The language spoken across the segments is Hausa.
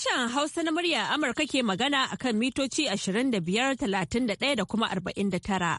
Sashen Hausa na murya Amurka ke magana akan mitoci 25, 31 da kuma 49.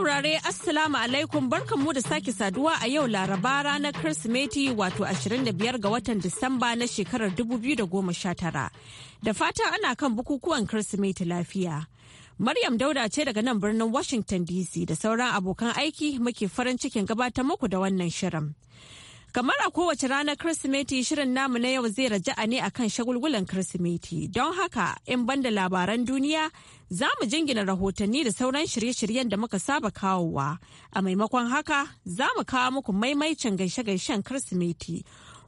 saurare Assalamu alaikum barkan mu da sake saduwa a yau Laraba ranar Kirsimeti wato 25 ga watan Disamba na shekarar 2019. Da fata ana kan bukukuwan Kirsimeti lafiya. Maryam Dauda ce daga nan birnin Washington DC da sauran abokan aiki muke farin cikin gabatar muku da wannan shirin. Kamar a kowace ranar Kirsimeti shirin namu na yau zai raja'a ne a kan shagulgulan Kirsimeti. Don haka, in banda labaran duniya, za mu jingina rahotanni da sauran shirye-shiryen da muka saba kawowa. A maimakon haka, za mu kawo muku maimaicin gaishe-gaishen Kirsimeti,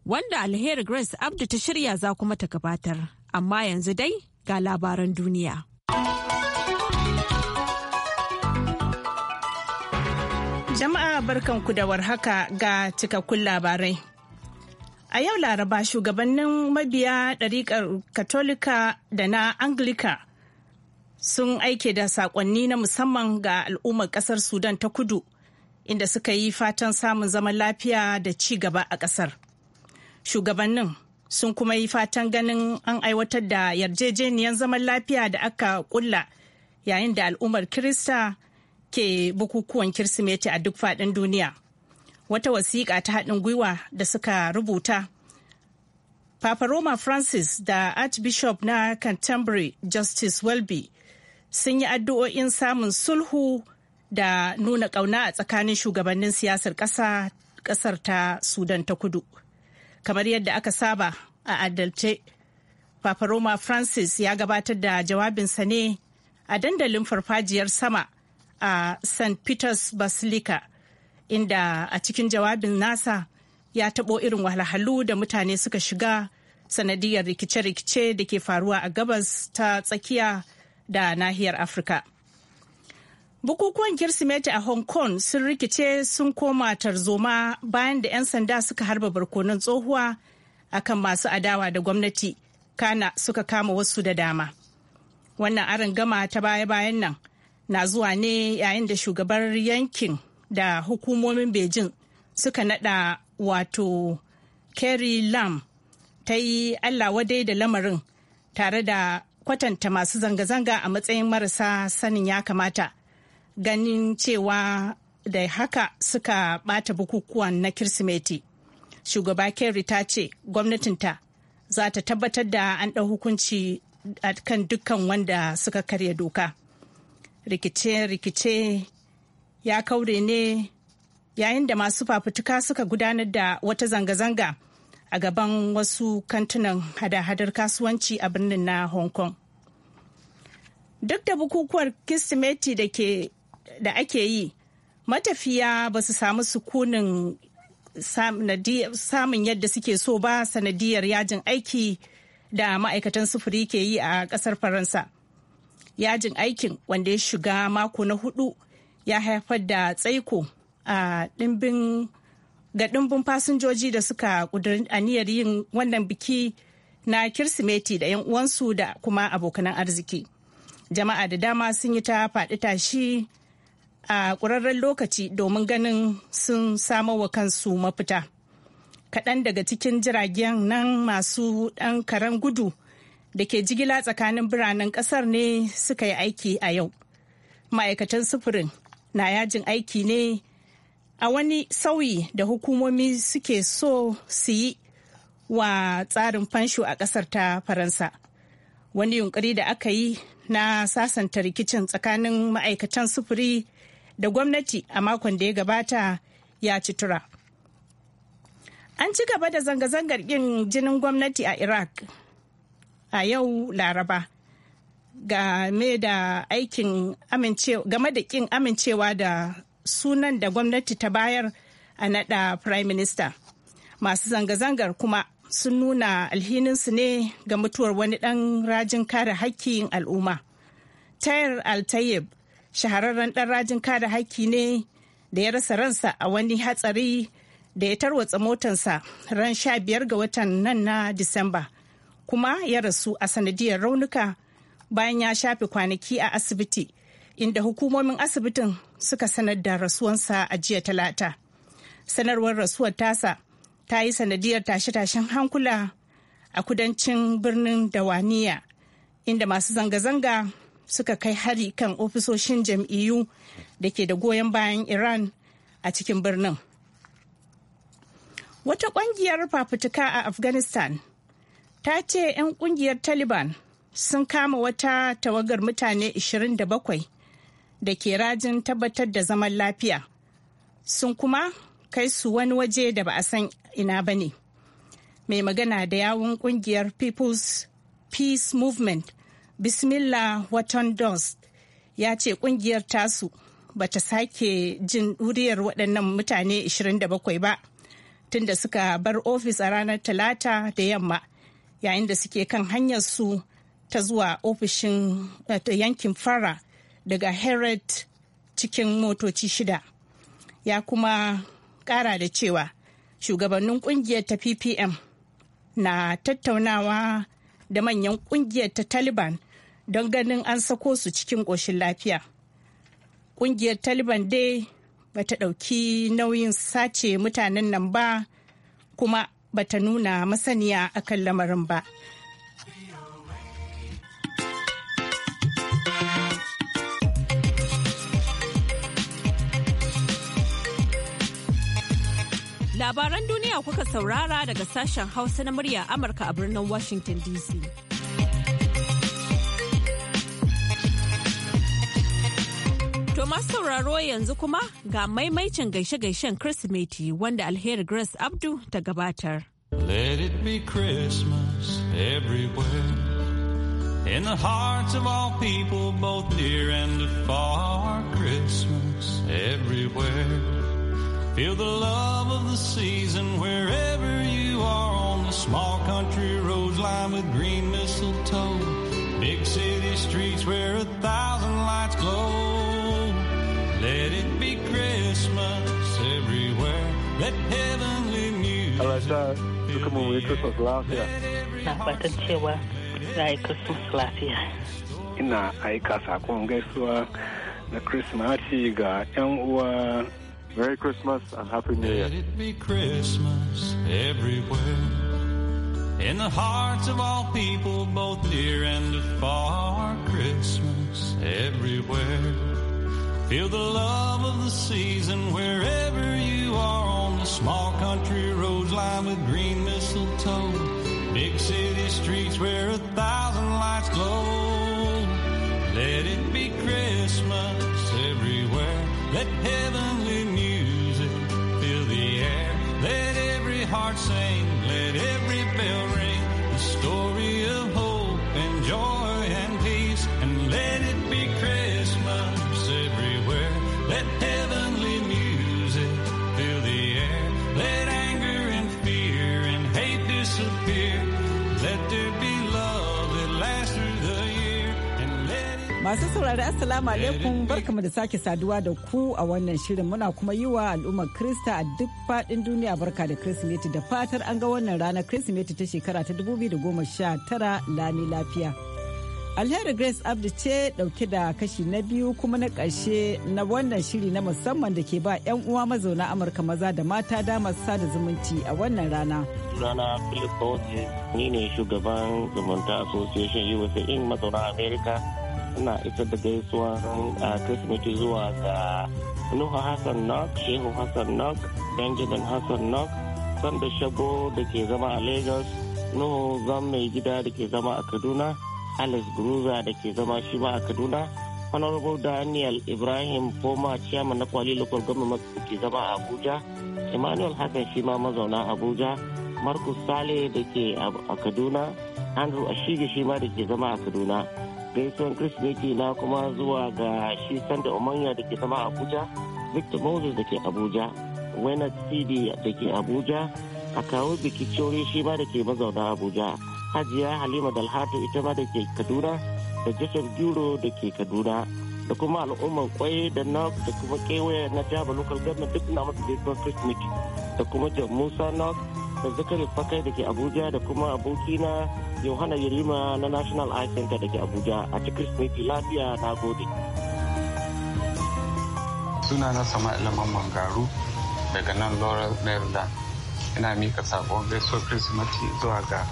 wanda alheri Grace Abdu ta shirya za kuma ta gabatar. Amma yanzu dai ga labaran duniya. jama'a barkanku da warhaka ga cikakkun labarai. A yau Laraba shugabannin mabiya ɗariƙar Katolika da na Anglika sun aike da saƙonni na musamman ga al'ummar ƙasar Sudan ta kudu inda suka yi fatan samun zaman lafiya da ci gaba a ƙasar. Shugabannin sun kuma yi fatan ganin an aiwatar da yarjejeniyar zaman lafiya da aka ƙulla yayin da al'ummar Kirista ke bukukuwan Kirsimeti a duk faɗin duniya. Wata wasiƙa ta haɗin gwiwa da suka rubuta. Papa Roma Francis da Archbishop na Canterbury Justice Welby sun yi addu'o'in samun sulhu da nuna ƙauna a tsakanin shugabannin siyasar ƙasar ta Sudan ta kudu. Kamar yadda aka saba a adalce, Papa Roma Francis ya gabatar da jawabinsa ne a dandalin farfajiyar sama a st peters basilica inda a cikin jawabin nasa ya taɓo irin wahalhalu da mutane suka shiga sanadiyar rikice-rikice da ke faruwa a gabas ta tsakiya da nahiyar afirka bukukuwan kirsimeti a hong kong sun rikice sun koma tarzoma bayan da 'yan sanda suka harba barkonon tsohuwa akan masu adawa da gwamnati kana suka kama wasu da dama wannan aron gama ta baya-bayan nan na zuwa ne yayin da shugabar yankin da hukumomin Beijing suka nada wato kerry Lam ta yi Allah wadai da lamarin tare da kwatanta masu zanga-zanga a matsayin marasa sanin ya kamata ganin cewa da haka suka bata bukukuwan na Kirsimeti. Shugaba Kerry ta ce gwamnatinta za ta tabbatar da an ɗau hukunci kan dukkan wanda suka karya doka. rikice-rikice ya kaure ne yayin da masu fafutuka suka gudanar da wata zanga-zanga a gaban wasu kantunan hada-hadar kasuwanci a birnin na hong kong duk da bukukuwar kirsimeti da ake yi matafiya ba su samu sukunin samun yadda suke so ba sanadiyar yajin aiki da ma'aikatan sufuri ke yi a kasar faransa yajin aikin wanda ya shiga mako na hudu ya haifar da tsaiko a dimbin ga dimbin fasinjoji da suka kudurin aniyar yin wannan biki na kirsimeti da 'yan uwansu da kuma abokan arziki jama'a da dama sun yi ta faɗi tashi a ƙurarren lokaci domin ganin sun samo wa kansu mafita kaɗan daga cikin jiragen nan masu ɗan karen gudu da ke jigila tsakanin biranen kasar ne suka yi aiki a yau ma'aikatan sufurin na yajin aiki ne a wani sauyi da hukumomi suke so su yi wa tsarin fansho a kasar ta faransa wani yunkuri da aka yi na sasanta rikicin tsakanin ma'aikatan sufuri da gwamnati a makon da ya gabata ya ci tura an ci gaba da zanga-zangar ƙin jinin gwamnati a iraq a yau laraba game da aikin game da kin amincewa da sunan da gwamnati ta bayar a naɗa prime minister masu zanga-zangar kuma sun nuna alhininsu ne ga mutuwar wani ɗan rajin kare haƙƙin al'umma tayar altayib shahararren ɗan rajin kare haƙƙi ne da ya rasa ransa a wani hatsari da ya tarwatsa motansa ran sha biyar ga watan nan na disamba kuma ya rasu a sanadiyar raunuka bayan ya shafe kwanaki a asibiti inda hukumomin asibitin suka sanar da rasuwansa a jiya talata sanarwar rasuwar tasa ta yi sanadiyar tashe-tashen hankula a kudancin birnin dawaniya inda masu zanga-zanga suka kai hari kan ofisoshin jam'iyyu da ke da goyon bayan iran a cikin birnin wata ƙungiyar fafutuka a afghanistan ta ce 'yan kungiyar taliban sun kama wata tawagar mutane 27 da ke rajin tabbatar da zaman lafiya sun kuma kai su wani waje da ba a san ina ba ne mai magana da yawun kungiyar people's peace movement bismillah watan dost ya ce kungiyar tasu ba ta sake jin duriyar waɗannan mutane 27 ba tunda suka bar ofis a ranar talata da yamma yayin da suke kan hanyar su ta zuwa ofishin eh, yankin fara daga herod cikin motoci shida ya kuma kara da cewa shugabannin kungiyar ta ppm na tattaunawa da manyan kungiyar ta taliban don ganin an sako su cikin ƙoshin lafiya kungiyar taliban dai bata ɗauki nauyin sace mutanen nan ba kuma bata nuna masaniya akan lamarin ba. Labaran duniya kuka saurara daga sashen Hausa na murya Amurka a birnin Washington DC. To masu sauraro yanzu kuma ga maimaicin gaishe-gaishen Kirsimeti wanda alheri Grace Abdu ta gabatar. Let it be Christmas everywhere in the hearts of all people both near and far Christmas everywhere. Feel the love of the season wherever you are on the small country roads lined with green mistletoe. Big city streets where a thousand lights glow. Let it be Christmas everywhere. Let heavenly music. Alright, look at my Christmas last year. Na fatan cewa za yi Christmas lafiya. Ina aika sakon na Christmas ga 'yan uwa Merry Christmas and Happy New Year. Let it be Christmas everywhere. In the hearts of all people, both near and afar, Christmas everywhere. Feel the love of the season wherever you are on the small country roads lined with green mistletoe. Big city streets where a thousand Masu saurari Assalamu eh, alaikum eh. kama da sake saduwa da ku a wannan shirin muna kuma yi wa al'ummar Krista a duk fadin duniya barka da Kirsimeti da fatar an ga wannan ranar Kirsimeti ta shekara ta 2019 lami lafiya. Alheri Grace abdu ce dauke da kashi na biyu kuma na karshe na wannan shiri na musamman da ke ba 'yan uwa mazauna Amurka maza da mata damar sada zumunci a wannan rana. Rana Philip ni ne shugaban zumunta Association USA in mazauna America. ina isar da gaisuwan Kirsimeti zuwa ga Nuhu Hassan Nok, Shehu Hassan Nok, Benjamin Hassan Nok, Sanda Shago da ke zama a Lagos, Nuhu Zan Mai Gida da ke zama a Kaduna, Alice Gruza da ke zama shi ma a Kaduna, Honorable Daniel Ibrahim Foma Chairman na Kwali Local Government da ke zama a Abuja, Emmanuel Hassan shi ma mazauna Abuja, Markus Sale da ke a Kaduna, Andrew Ashige shi ma da ke zama a Kaduna. gaisuwan kirsimeti na kuma zuwa ga shi sanda Omanya da ke zama abuja victor moses da ke abuja wenat cd da ke abuja a kawo biki cori shi ma da ke mazauna abuja hajiya halima dalhatu ita ma da ke kaduna da joseph Juro da ke kaduna da kuma al'umman kwai da nok da kuma kewaye na jaba local duk na masu gaisuwan Chris da kuma jan musa nok da zakari fakai da ke abuja da kuma abokina yohana yirima na national eye center da ke abuja a cikin kirsimeti lafiya na gode suna na sama mamman mangaru daga nan laurel maryland ina mika sakon gaisuwar kirsimeti zuwa ga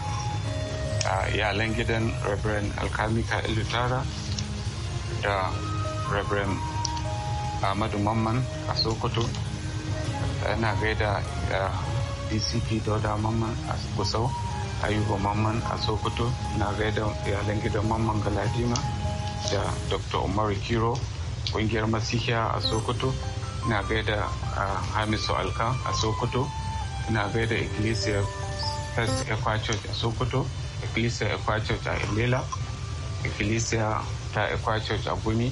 iyalan gidan reverend alkamika ilutara da reverend ahmadu mamman a sokoto ina gaida dcp dauda mamman a gusau ayuba mamman a sokoto na gaida iyalan gidan mamman galadima da dr umaru kiro kungiyar masihiya a sokoto na gaida hamisu alka a sokoto na gaida ecclesia first equa church a sokoto ecclesia equa church a ilela ecclesia ta equa church a gumi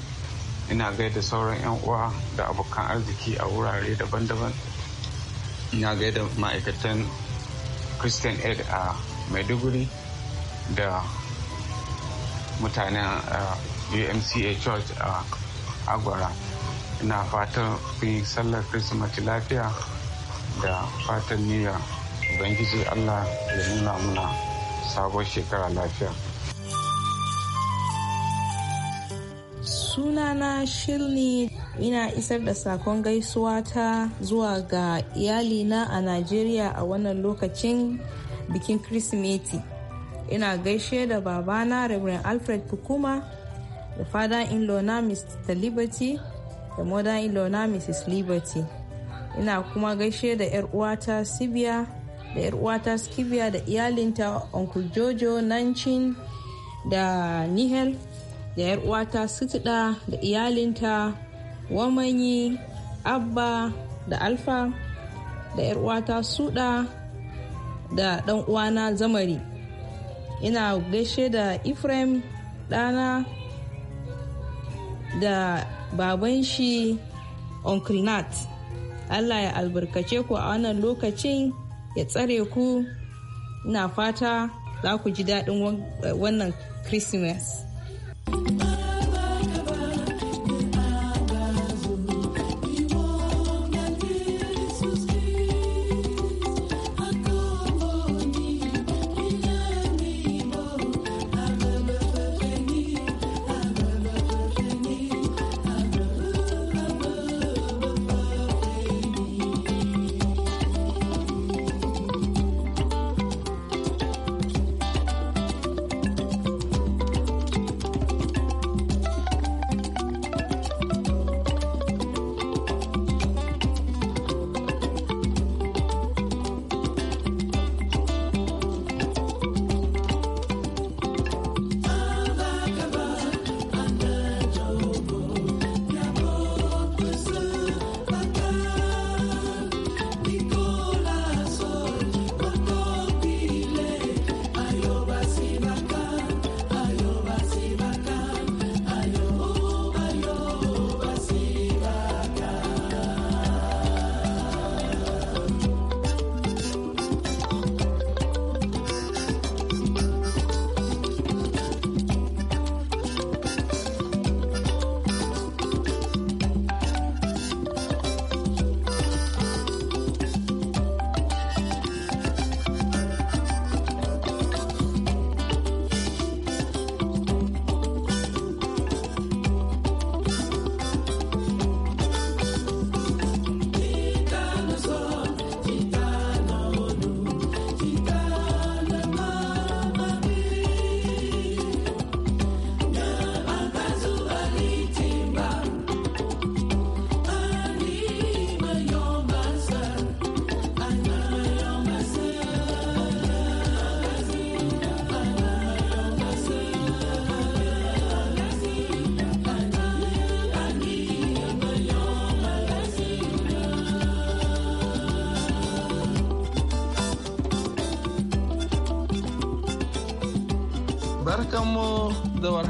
ina gaida sauran 'yan uwa da abokan arziki a wurare daban-daban na gaida ma'aikatan christian aid a maiduguri da mutanen umca church a agwara na fatan kuyi sallar kirsimati lafiya da fatan niyya ubangiji allah ya nuna muna sabon shekara lafiya sunana shirni ina isar da sakon gaisuwa ta zuwa ga iyalina a najeriya a wannan lokacin bikin kirsimeti ina gaishe da babana reverend alfred pukuma da fada in na mr liberty da mother in na mrs liberty ina kuma gaishe da 'yar uwata sibiya da 'yar uwata skibiya da iyalinta uncle jojo nancin da nihel da 'yar uwata sutuɗa da iyalinta wamanyi abba da alfa da 'yar uwata suɗa da ɗan uwana zamari ina gaishe da ifrem ɗana da baban shi uncle nat allah ya albarkace ku a wannan lokacin ya tsare ku ina fata za ku ji daɗin wannan christmas Bye.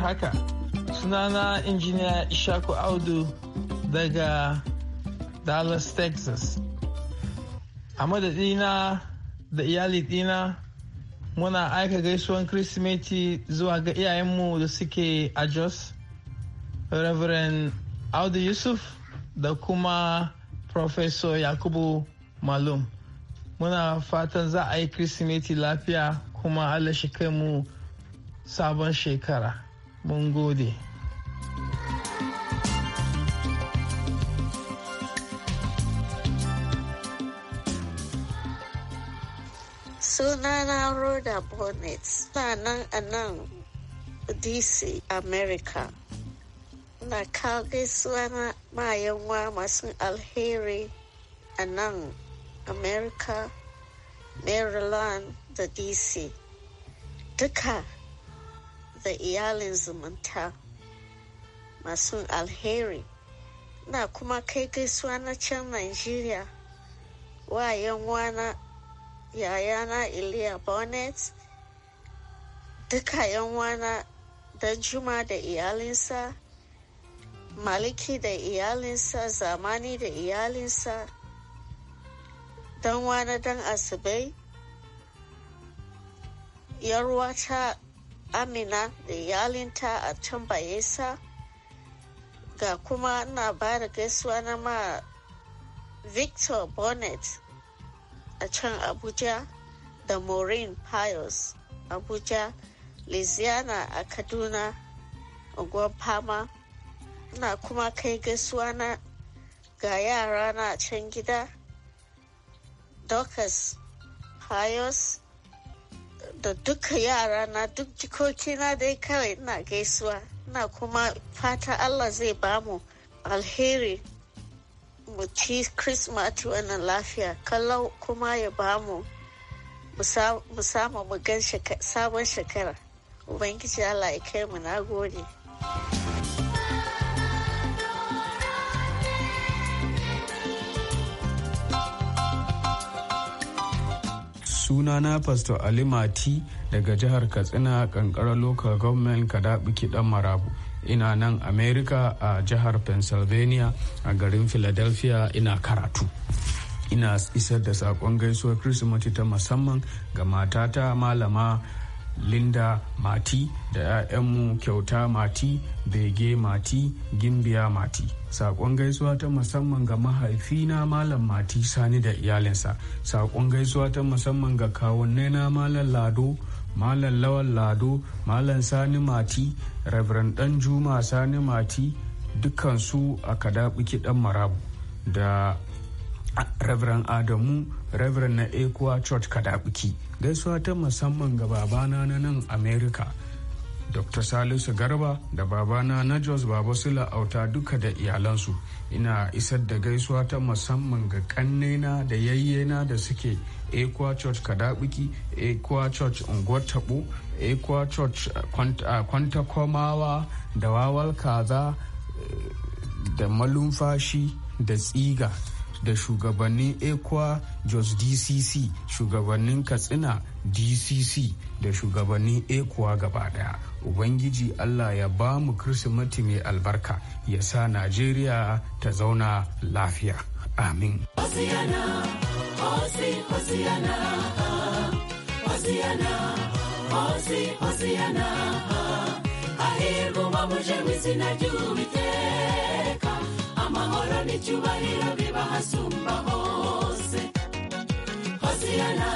haka sunana injiniya ishaku audu daga dallas texas a madadina da iyali dina muna aika gaisuwan kirsimeti zuwa ga iyayenmu da suke a jos reverend audu yusuf da kuma professor yakubu malum muna fatan za a yi kirsimeti lafiya kuma allah shi kai mu sabon shekara mun gode sunana roda bonnet sanan a nan dc america na kawo gaisuwa na mayanwa masu alheri a nan america maryland da dc duka da iyalin zumunta masu alheri na kuma kai gaisuwa na can Najeriya wa yanwana yayana Iliya Bonnet duka yanwana don Juma da iyalinsa Maliki da iyalinsa zamani da iyalinsa don wana don asibai yarwata amina da yalinta a can bayesa ga kuma na ba da gaisuwa na ma victor bonnet a can abuja da maureen pius abuja liziana a kaduna unguwar fama ina kuma kai gaisuwa na ga yara na can gida Dorcas Pius da duka yara na duk jikokina dai kawai ina gaisuwa ina kuma fata Allah zai ba mu alheri mu ci Christmas wannan lafiya kallon kuma ya bamu mu musamman mu gan sabon shekara Ubangiji Allah ya kai mu na gode. suna na pastor ali mati daga jihar katsina kankara local government kadaɓi kiɗan marabu ina nan america a jihar pennsylvania a garin philadelphia ina karatu ina isar da saƙon gaisuwar kirsimeti ta musamman ga matata malama linda mati da 'ya'yanmu kyauta mati bege mati gimbiya mati saƙon gaisuwa ta musamman ga mahaifina malam mati sani da iyalinsa saƙon gaisuwa ta musamman ga na malam lado malam lawan lado malam sani mati reverend dan juma sani mati dukansu a kadaɓiki dan marabu da reverend adamu reverend na ekuwa church kadaɓiki gaisuwa ta musamman ga babana na nan america dr salisu garba da babana na jos baba su auta duka da iyalansu ina isar da gaisuwa ta musamman ga kannena da yayyena da suke ekwa church kadabiki ekwa church unguwar tabo ekwa church eh, eh, kwantakomawa da wawal kaza eh, da malumfashi da tsiga da shugabannin ekwa jos dcc shugabannin katsina dcc da shugabannin ekwa gaba daya ubangiji allah ya ba mu kirsimati mai albarka ya sa najeriya ta zauna lafiya amin Hosiana, Hosiana, Hosiana, Hosiana, amahoro n'icyubahiro biba hasumba hose hoziyana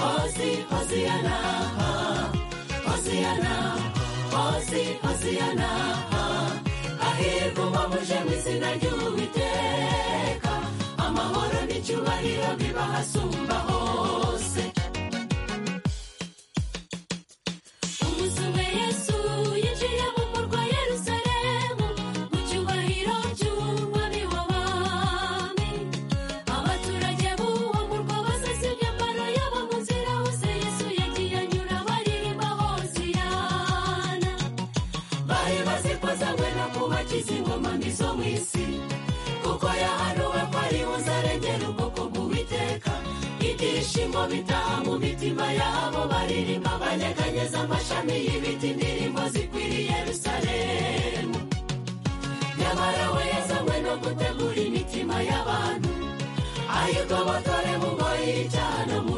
hozi hoziyana hoziyana hozi hoziyana hahirwa uba muje mu izina ry'uwiteka amahoro n'icyubahiro biba hasumba hose wese kuko yahanuwe ko ari buzarengere ubwoko bw'uwiteka ibyishimo bitaha mu mitima yabo baririmba banyeganyeza amashami y'ibiti indirimbo zikwiriye rusaremu nyamara we yazanywe no gutegura imitima y'abantu ayigobotore mu ngoyi y'icyaha no mu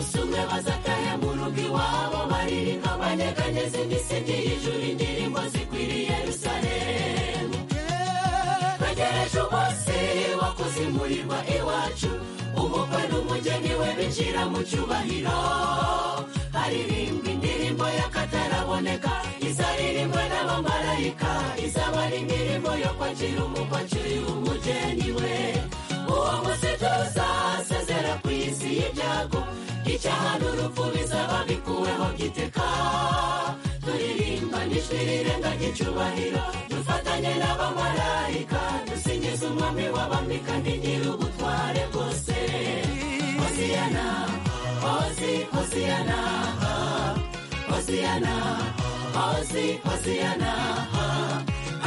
umunsi umwe bazatahe mu rugo iwabo baririmba banyeganyeza imisingi y'ijuru indirimbo zikwiriye rusaremu twegereje umunsi wo kuzimurirwa iwacu umukwe n'umugeni we binjira mu cyubahiro haririmba indirimbo y'akataraboneka izaririmbwa n'abamarayika izaba imirimo yo kwakira umukwe akiriye umugeni we uwo munsi ku isi y'ibyago icyahaduruvubiza babikuweho giteka turirimba nishwirire icyubahiro dufatanye n'abamalayika dusingiza umwami w'abami kandi nyir'ubutware bwose hosiyana hosi hosiyana hosiyana hosi hosiyana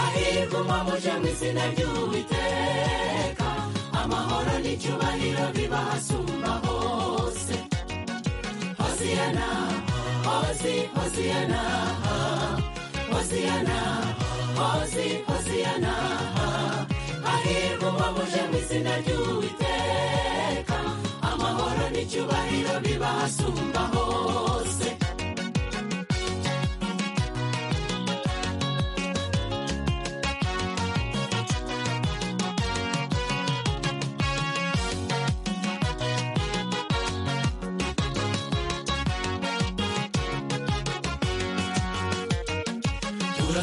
ahirwa muje mu izina ry'uwiteka amahoro n'icubahiro biba Hosiana, Hosi, Hosiana, Hosiana, Hosi, Hosiana, hahirwa uwabuje mu amahora ry'Uwiteka, amahoro n'icyubahiro sumba hose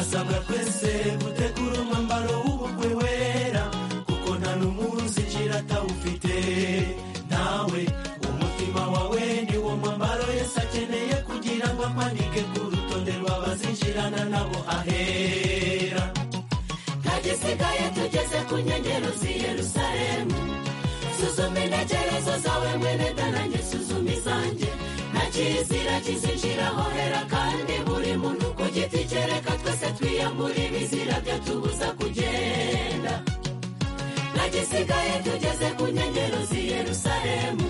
turasabwa twese gutegura umwambaro w'ubukwe wera kuko nta n'umuntu uzi atawufite nawe umutima wawe ni wo mwambaro yose akeneye kugira ngo amanike ku rutonde rw'abazinjirana nabo ahera nta tugeze ku nkengero z'i Yerusalemu suzuma intekerezo zawe mwene danange suzuma izanjye nta kizira kizinjira hera kandi buri muntu ku giti kereka twese twiyambura ibizira byatubuza kugenda nta gisigaye tugeze ku nkengero z'iyerusalemu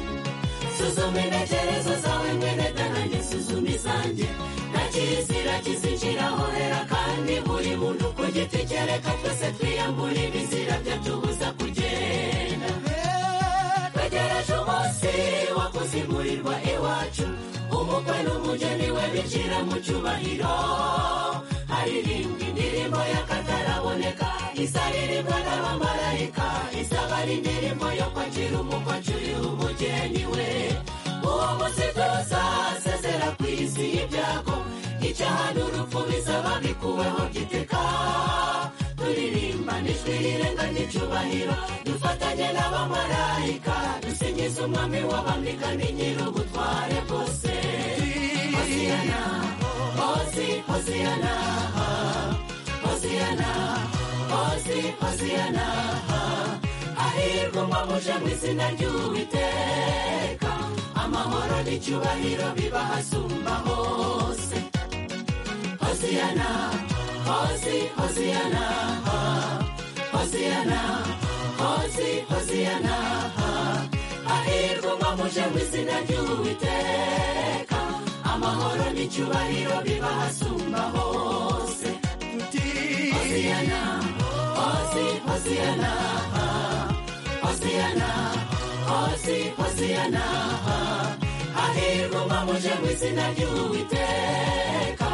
suzuma intekerezo zawe mwene dananye suzuma izanjye nta kirizira kizinjiraho hera kandi buri muntu ku giti kereka twese twiyambura umugeni we bishyira mu cyubahiro haririmbwa indirimbo y'akataraboneka izaririmbwa n'abamarayika izaba indirimbo yo kwakira umukoci umugeni we uwo munsi tuzasezera ku isi y'ibyago icyaha n'urupfu bizaba bikuweho giteka turirimba n'ijwi rirenga n'icyubahiro dufatanye n'abamarayika dusingiza umwami w'abamika ni nyir'ubutware ahirwa muje mu izina ry'uwiteka amahoro n'icyubahiro biba hasumba hose hosiyana hosi hosiyana hosiyana hosi hosiyana ahirwa muje mu ry'uwiteka amahoro n'icyubahiro biba hasumba hose tuti hoziyana hozi hoziyana hoziyana hozi hoziyana hahirwa muje mu izina ry'uwiteka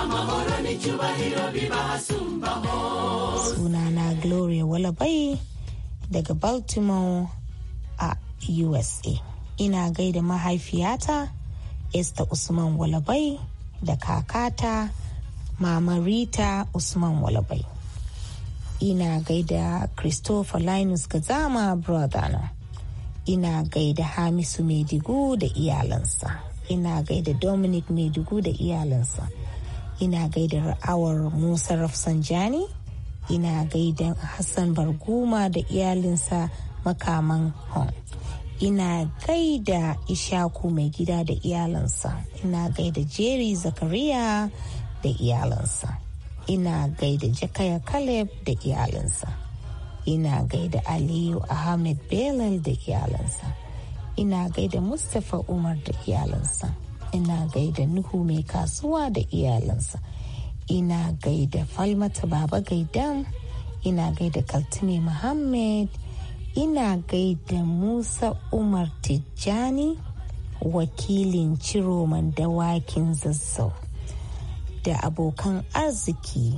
amahoro n'icyubahiro biba hasumba hose sunana gloria walabai daga baltimore a usa ina gaida mahaifiyata Esther Usman Walabai da kakata Mama Rita Usman Walabai. Ina gaida Christopher Linus Gazama Brothana. Ina gaida Hamisu Medigu da iyalansa. Ina gaida Dominic Maidugu da iyalansa. Ina gaida ra'awar Musa Rafsanjani. Ina gaida Hassan Barguma da iyalinsa makaman Hon. ina gaida ishaku mai gida da iyalansa ina gaida jerry zakariya da iyalansa ina gaida jakaya kaleb da iyalansa ina gaida aliyu ahmed belal da iyalansa ina gaida mustapha umar da iyalansa ina gaida nuhu mai kasuwa da iyalansa ina gaida falmata baba gaidan ina gaida kaltini muhammad ina gaida musa umar tijjani wakilin ciroman dawakin zazzau da abokan arziki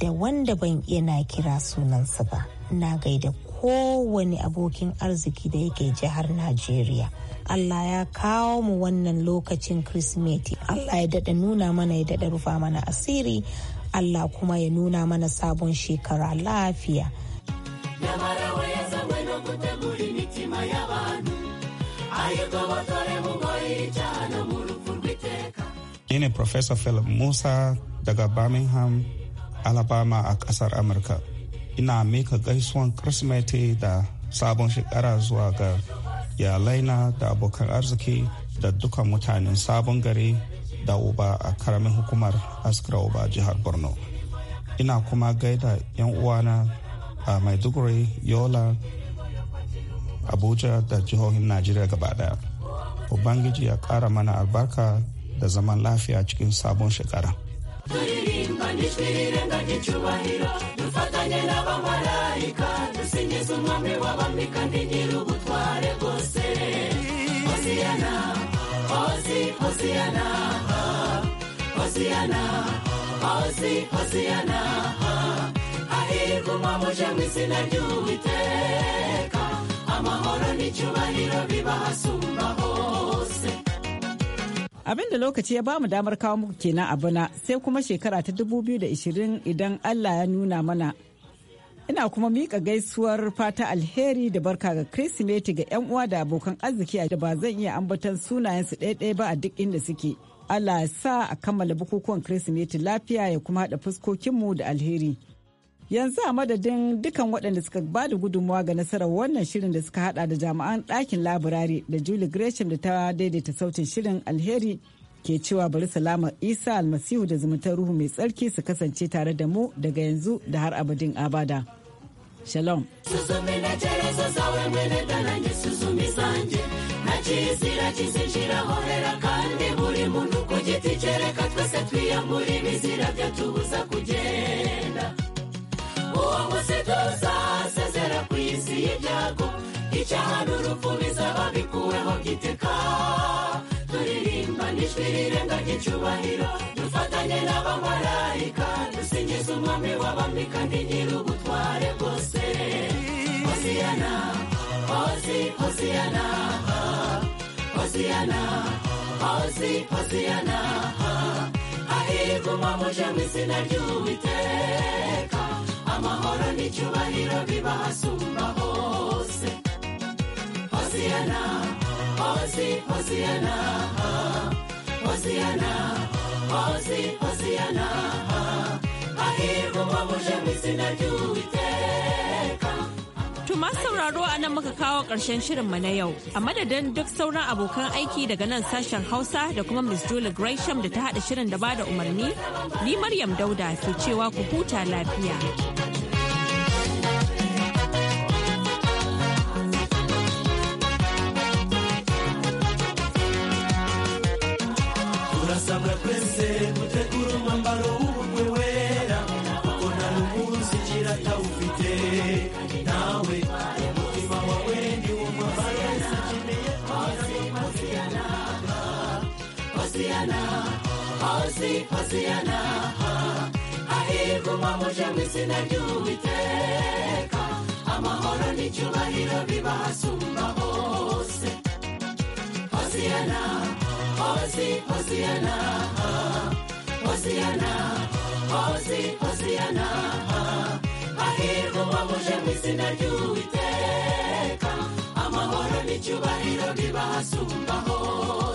da wanda ban iya na kira sunansa ba na gaida kowane abokin arziki da yake jihar najeriya allah ya kawo mu wannan lokacin kirsimeti allah ya daɗa nuna mana ya daɗa rufa mana asiri allah kuma ya nuna mana sabon shekara lafiya. ni ne professor philip musa daga birmingham alabama a kasar amurka ina mika gaisuwan kirsimeti da sabon shekara zuwa ga yalaina da abokan arziki da duka mutanen sabon gari da uba a karamin hukumar askira uba jihar borno ina kuma gaida 'yan uwana a maiduguri yola abuja da jihohin najeriya gaba daya ubangiji ya kara mana albarka da zaman lafiya cikin sabon shekara amahoro n'icyubahiro hose abin da lokaci ya bamu damar kawo muku kenan a bana sai kuma shekara ta 2020 idan allah ya nuna mana ina kuma miƙa gaisuwar fata alheri da barka ga kirsimeti ga 'yan uwa da abokan arziki da ba zan iya ambatan sunayensu ɗaya-ɗaya ba a duk inda suke allah ya sa a kammala bukukuwan kirsimeti lafiya ya kuma haɗa fuskokinmu da alheri yanzu a madadin dukan waɗanda suka ba da gudunmawa ga nasarar wannan shirin da suka hada da jami'an ɗakin laburare da julie gresham da ta daidaita sautin shirin alheri ke cewa bari salama isa almasihu da zumuntar ruhu mai tsarki su kasance tare da mu daga yanzu da har abadin abada shalom kandi buri Hosiana, munsi hosiana, hosiana, isi hosiana. icyaha n'urupfu ababikuweho giteka turirimba n'ijwi rirengaga icyubahiro dufatanye n'abamarayika dusingiza umwami w'abami kandi nyir'ubutware bwose hoziyana hozi hoziyana hoziyana hozi hoziyana hahirwa umwamuje mu izina ry'uwiteka amahoro n'icyubahiro biba hasumba hose hosiyana hosi hosiyana hosiyana hosi hosiyana hahirwa umwabuje mu izina ry'uwiteka Tuma sauraro a nan muka kawo ƙarshen shirinmu na yau. A madadin duk sauran abokan aiki daga nan sashen Hausa da kuma Miss Julie Gresham da ta haɗa shirin da bada umarni, ni Maryam Dauda ke cewa ku huta lafiya. sinajya uwiteka amahoro n'icyubahiro bibahasumba hose hosiyana hosi hosiyana hosiyana hosi hosiyana hahirwa uwabuje mu izina ry'uwiteka amahoro n'icyubahiro bibahasumba hose